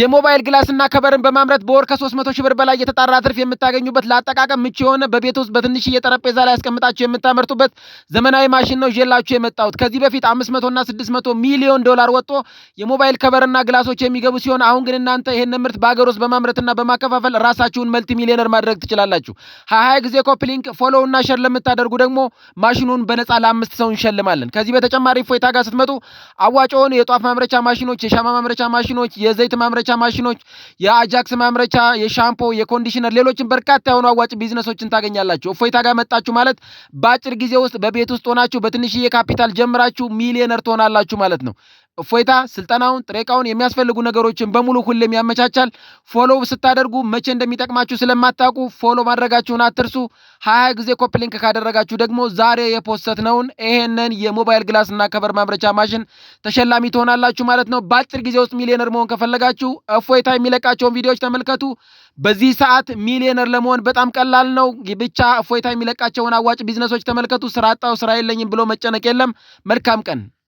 የሞባይል ግላስና ከቨርን በማምረት በወር ከ300 ሺህ ብር በላይ የተጣራ ትርፍ የምታገኙበት ለአጠቃቀም ምቹ የሆነ በቤት ውስጥ በትንሽዬ ጠረጴዛ ላይ ያስቀምጣችሁ የምታመርቱበት ዘመናዊ ማሽን ነው ይዤላችሁ የመጣሁት። ከዚህ በፊት 500 እና 600 ሚሊዮን ዶላር ወጥቶ የሞባይል ከቨርና ግላሶች የሚገቡ ሲሆን አሁን ግን እናንተ ይህን ምርት በሀገር ውስጥ በማምረትና በማከፋፈል ራሳችሁን መልቲ ሚሊዮነር ማድረግ ትችላላችሁ። ሀያ ጊዜ ኮፕሊንክ ፎሎው እና ሸር ለምታደርጉ ደግሞ ማሽኑን በነፃ ለአምስት ሰው እንሸልማለን። ከዚህ በተጨማሪ ፎይታ ጋር ስትመጡ አዋጮውን የጧፍ ማምረቻ ማሽኖች፣ የሻማ ማምረቻ ማሽኖች፣ የዘይት ማምረ ማምረቻ ማሽኖች፣ የአጃክስ ማምረቻ፣ የሻምፖ፣ የኮንዲሽነር ሌሎችን በርካታ የሆኑ አዋጭ ቢዝነሶችን ታገኛላችሁ። እፎይታ ጋር መጣችሁ ማለት በአጭር ጊዜ ውስጥ በቤት ውስጥ ሆናችሁ በትንሽዬ ካፒታል ጀምራችሁ ሚሊየነር ትሆናላችሁ ማለት ነው። እፎይታ ስልጠናውን፣ ጥሬ የሚያስፈልጉ ነገሮችን በሙሉ ሁሌም ያመቻቻል። ፎሎ ስታደርጉ መቼ እንደሚጠቅማችሁ ስለማታውቁ ፎሎ ማድረጋችሁን አትርሱ። ሀያ ጊዜ ኮፕሊንክ ካደረጋችሁ ደግሞ ዛሬ የፖሰትነውን ይሄንን የሞባይል ግላስ እና ከበር ማምረቻ ማሽን ተሸላሚ ትሆናላችሁ ማለት ነው። በአጭር ጊዜ ውስጥ ሚሊዮነር መሆን ከፈለጋችሁ እፎይታ የሚለቃቸውን ቪዲዮዎች ተመልከቱ። በዚህ ሰዓት ሚሊዮነር ለመሆን በጣም ቀላል ነው። ብቻ እፎይታ የሚለቃቸውን አዋጭ ቢዝነሶች ተመልከቱ። ስራ አጣው ስራ የለኝም ብሎ መጨነቅ የለም። መልካም ቀን